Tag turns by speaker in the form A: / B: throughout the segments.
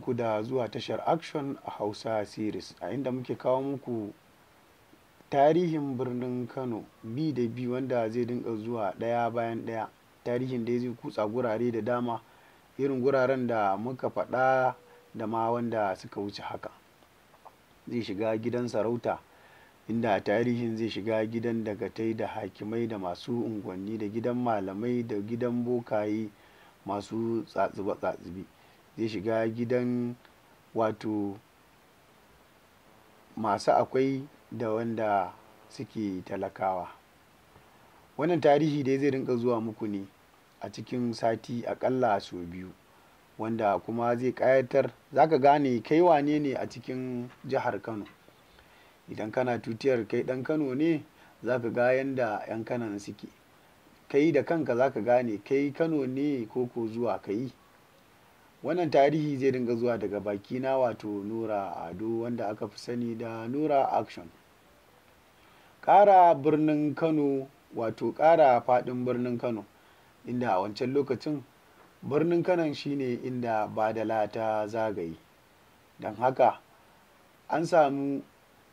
A: ku da zuwa tashar action a hausa series a inda muke kawo muku tarihin birnin kano bi da bi wanda zai dinga zuwa daya bayan daya tarihin da zai kutsa gurare da dama irin guraren da muka faɗa da ma wanda suka wuce haka zai shiga gidan sarauta inda tarihin zai shiga gidan dagatai da hakimai da masu unguwanni da gidan malamai da gidan bokaye masu tsatsuba zai shiga gidan wato masu akwai da wanda suke talakawa wannan tarihi dai zai rinka zuwa muku ne a cikin sati akalla sau biyu wanda kuma zai ƙayatar za ka gane kai wane ne a cikin jihar kano idan kana tutiyar kai ɗan kano ne za ka ga yadda 'yan kanan suke kai da kanka za ka gane kai kano ne koko zuwa ka wannan tarihi zai dinga zuwa daga baki na wato nura ado wanda aka fi sani da nura action ƙara birnin kano wato ƙara faɗin birnin kano inda a wancan lokacin birnin kano shine inda badala ta zagaye don haka an samu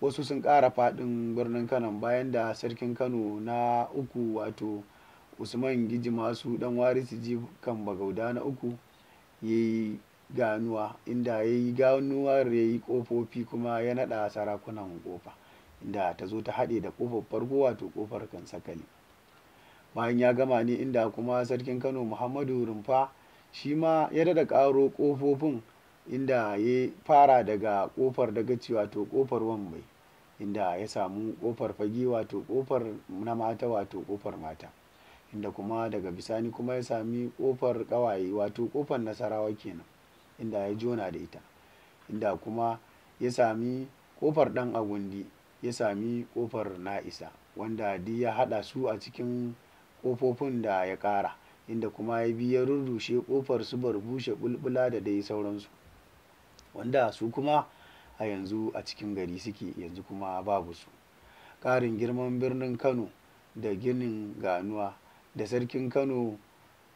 A: wasu sun ƙara faɗin birnin kano bayan da sarkin kano na uku wato usman giji masu ɗan warisi ji kan bagauda na uku ya ganuwa inda ya ganuwar ya yi ƙofofi kuma ya naɗa sarakunan ƙofa inda ta zo ta haɗe da ƙofar farko wato ƙofar kansakali bayan ya gama ne inda kuma sarkin kano muhammadu rumfa shi ma ya daɗa ƙaro ƙofofin inda ya fara daga ƙofar dagaci wato ƙofar wambai inda ya samu ƙofar fage wato ƙofar na mata wato ƙofar mata inda kuma daga bisani kuma ya sami kofar kawaye wato kofar nasarawa kenan inda ya jona da ita inda kuma ya sami kofar dan agundi ya sami kofar na'isa wanda di ya hada su a cikin kofofin da ya kara inda kuma ya bi ya rurrushe kofar su bar bushe bulbula da dai sauransu wanda su kuma a yanzu a cikin gari suke yanzu kuma babu su ƙarin girman birnin kano da ginin ganuwa da sarkin kano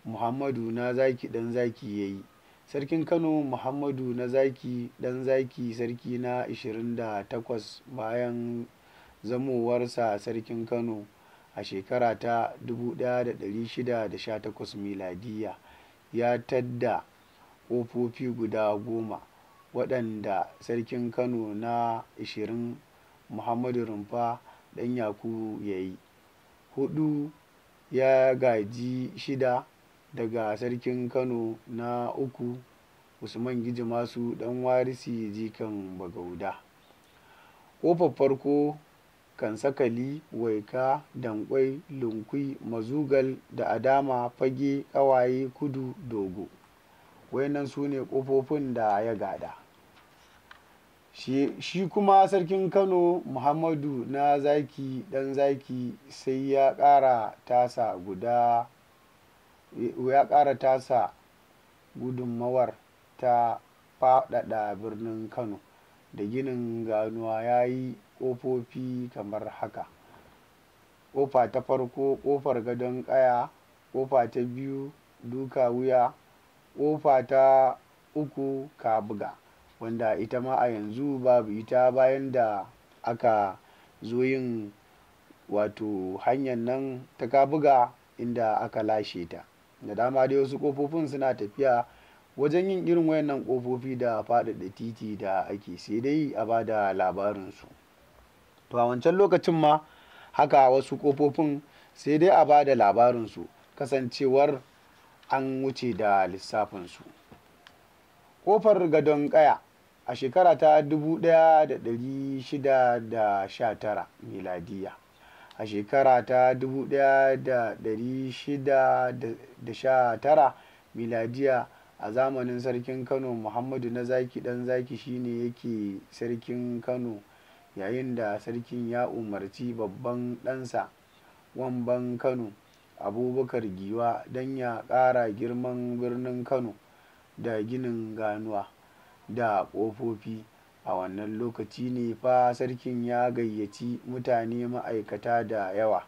A: muhammadu na zaki dan zaki ya yi sarkin kano muhammadu na zaki dan zaki sarki na 28 bayan zamowarsa sarkin kano a shekara ta 1618 miladiya ya tadda ƙofofi guda goma waɗanda sarkin kano na 20 muhammadu rumfa ɗan yakubu ya yi hudu ya gaji shida daga sarkin Kano na uku Usman Gijimasu dan warisi jikan Bagauda. Ƙofar farko Kansakali, Waika, Danƙwai, lunkwi Mazugal da Adama fage Ƙawaye, Kudu, Dogo. wayannan su ne ƙofofin da ya gada. shi kuma sarkin kano muhammadu na zaki dan zaki sai ya ƙara tasa guda ya ƙara tasa gudunmawar ta faɗaɗa birnin kano da ginin ganuwa ya yi ƙofofi kamar haka ƙofa ta farko ƙofar gadon ƙaya ƙofa ta biyu duka wuya ƙofa ta uku ka buga wanda ita ma a yanzu babu ita bayan da aka zo yin wato hanyar nan ta ka buga inda aka lashe ta da dama dai wasu kofofin suna tafiya wajen yin irin wayannan ƙofofi da faɗaɗa titi da ake sai dai a ba da labarinsu to a wancan lokacin ma haka wasu kofofin sai dai a ba da labarinsu kasancewar an wuce da lissafinsu Ƙofar gadon ƙaya a shekara ta 1619 miladiya a shekara ta 1619 miladiya a zamanin sarkin kano muhammadu na zaki dan zaki shine yake sarkin kano yayin da sarkin ya umarci babban ɗansa wamban kano abubakar giwa don ya ƙara girman birnin kano da ginin ganuwa da ƙofofi. A wannan lokaci ne fa sarkin ya gayyaci mutane ma'aikata da yawa,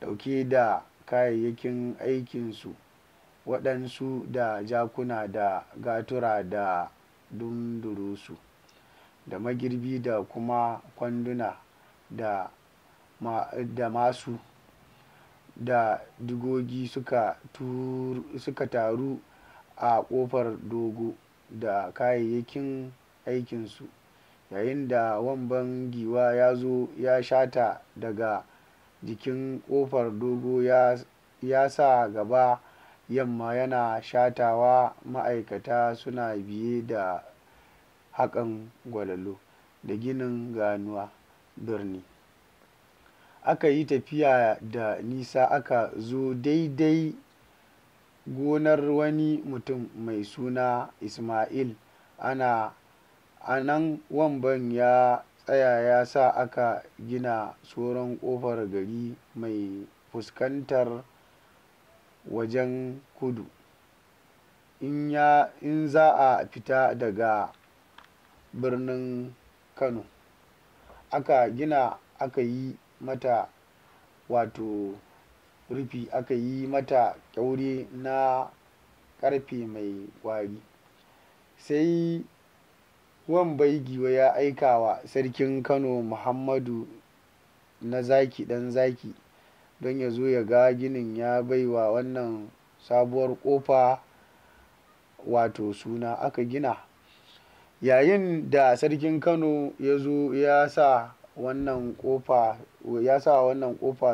A: ɗauke da kayayyakin aikinsu, waɗansu da jakuna da gatura da dundurusu da magirbi da kuma kwanduna da masu da digogi suka taru a kofar Dogo da kayayyakin aikinsu, yayin da Wamban Giwa ya zo ya shata daga jikin kofar Dogo ya sa gaba yamma yana shatawa ma'aikata suna biye da haƙan gwalalo da ginin ganuwa (birni). Aka yi tafiya da nisa aka zo daidai gonar wani mutum mai suna Ismail a nan Wamban ya tsaya ya sa aka gina tsoron ƙofar gari mai fuskantar wajen kudu, in za a fita daga birnin Kano, aka gina aka yi mata, wato. rufi aka yi mata ƙyaure na ƙarfe mai ƙwari sai wan baigiwa ya aika wa sarkin kano muhammadu na zaki ɗan zaki don ya zo ya ga ginin ya baiwa wannan sabuwar ƙofa wato suna aka gina yayin da sarkin kano ya zo ya sa wannan ƙofa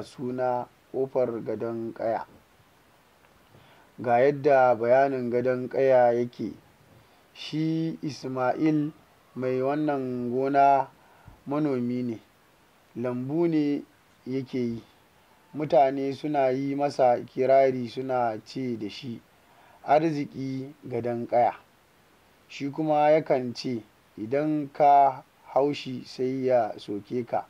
A: suna kofar gadon kaya ga yadda bayanin gadon kaya yake shi ismail mai wannan gona manomi ne lambu ne yake yi mutane suna yi masa kirari suna ce da shi arziki gadon kaya shi kuma yakan ce idan ka haushi sai ya soke ka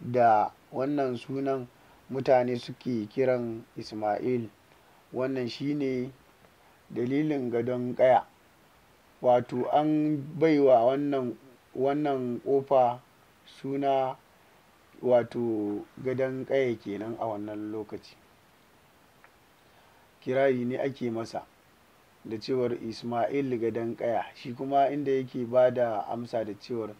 A: da wannan sunan mutane suke kiran Isma'il. Wannan shine dalilin gadon ƙaya, wato an baiwa wannan, wannan ƙofa suna wato gadon ƙaya kenan a wannan lokaci. Kirari ne ake masa da cewar Isma'il gadon ƙaya, shi kuma inda yake ba da amsa da cewar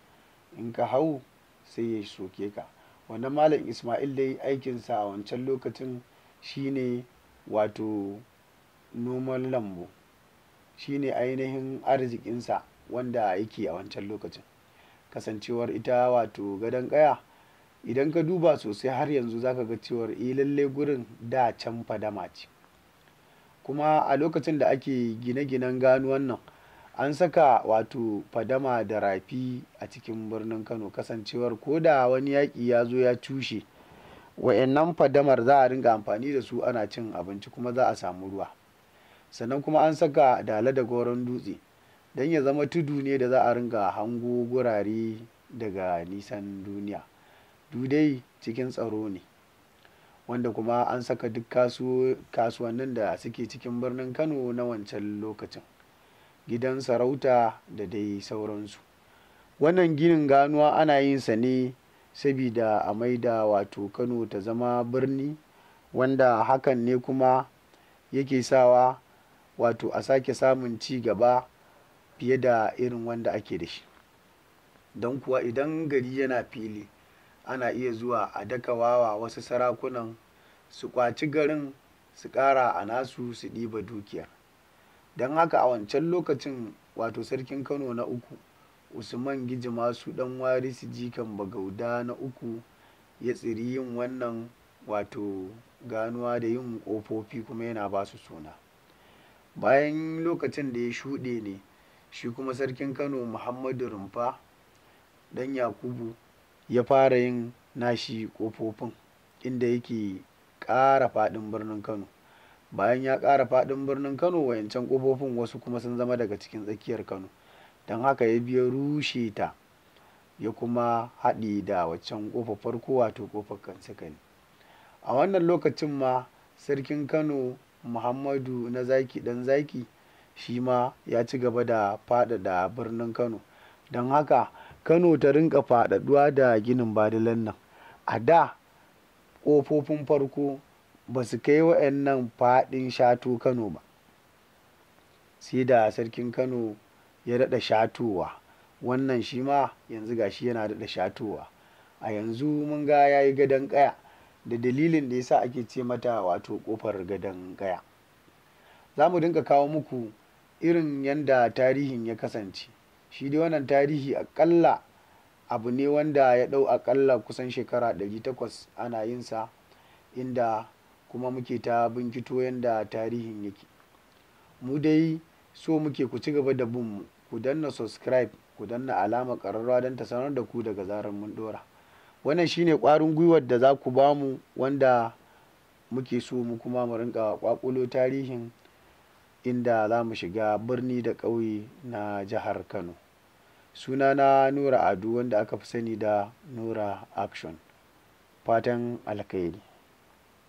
A: in ka hau sai ya soke ka. wannan malam ismail dai aikinsa a wancan lokacin shine wato noman lambu shine ainihin arzikinsa wanda yake a wancan lokacin kasancewar ita wato gadon kaya idan ka duba sosai har yanzu zaka ga cewar eh lalle gurin da can fadama ce kuma a lokacin da ake gine-ginen ganuwan nan an saka wato fadama da rafi a cikin birnin kano kasancewar ko da wani yaƙi ya zo ya cushe wa'annan fadamar za a ringa amfani da su ana cin abinci kuma za a samu ruwa sannan kuma an saka dala da goron dutse don ya zama tudu ne da za a ringa hango gurare daga nisan duniya dudai cikin tsaro ne wanda kuma an saka duk kasuwannin da suke cikin birnin kano na wancan lokacin gidan sarauta da dai sauransu wannan ginin ganuwa ana yin sa ne sabida a maida wato kano ta zama birni wanda hakan ne kuma yake sawa wato a sake samun ci gaba fiye da irin wanda ake da shi don kuwa idan gari yana fili ana iya zuwa a daka wawa wasu sarakunan su kwaci garin su kara a nasu su ɗiba dukiyar don haka a wancan lokacin wato sarkin kano na uku usman giji masu dan warisi jikan bagauda na uku ya tsiri yin wannan wato ganuwa da yin ƙofofi kuma yana ba su suna bayan lokacin da ya shuɗe ne shi kuma sarkin kano muhammadu rumfa dan yakubu ya fara yin nashi ƙofofin inda yake ƙara faɗin birnin kano bayan ya ƙara faɗin birnin kano wayancan ƙofofin wasu kuma sun zama daga cikin tsakiyar kano don haka ya biya rushe ta ya kuma haɗi da waccan kofa farko wato ƙofar kansakali a wannan lokacin ma sarkin kano muhammadu na zaki ɗan zaki shi ma ya ci gaba da faɗaɗa birnin kano don haka kano ta rinka faɗaɗuwa da ginin badilan nan a da kofofin farko ba su kai wa'annan faɗin shato kano ba sai da sarkin kano ya daɗa shatowa wannan shi ma yanzu gashi yana daɗa shatowa a yanzu mun ga ya yi gadon ƙaya da dalilin da yasa ake ce mata wato ƙofar gadon ƙaya za mu dinka kawo muku irin yanda tarihin ya kasance shi dai wannan tarihi aƙalla abu ne wanda ya ɗau aƙalla kusan shekara 800 ana yinsa inda kuma muke ta binkito yadda tarihin yake mu dai so muke ku ci gaba da bin mu ku danna subscribe ku danna alama ƙararrawa don ta sanar da ku daga zarar mun dora wannan shine kwarin gwiwar da za ku ba wanda muke so mu kuma mu rinka kwakulo tarihin inda za mu shiga birni da ƙauye na jihar kano suna na nura adu wanda aka fi sani da nura action fatan alkhairi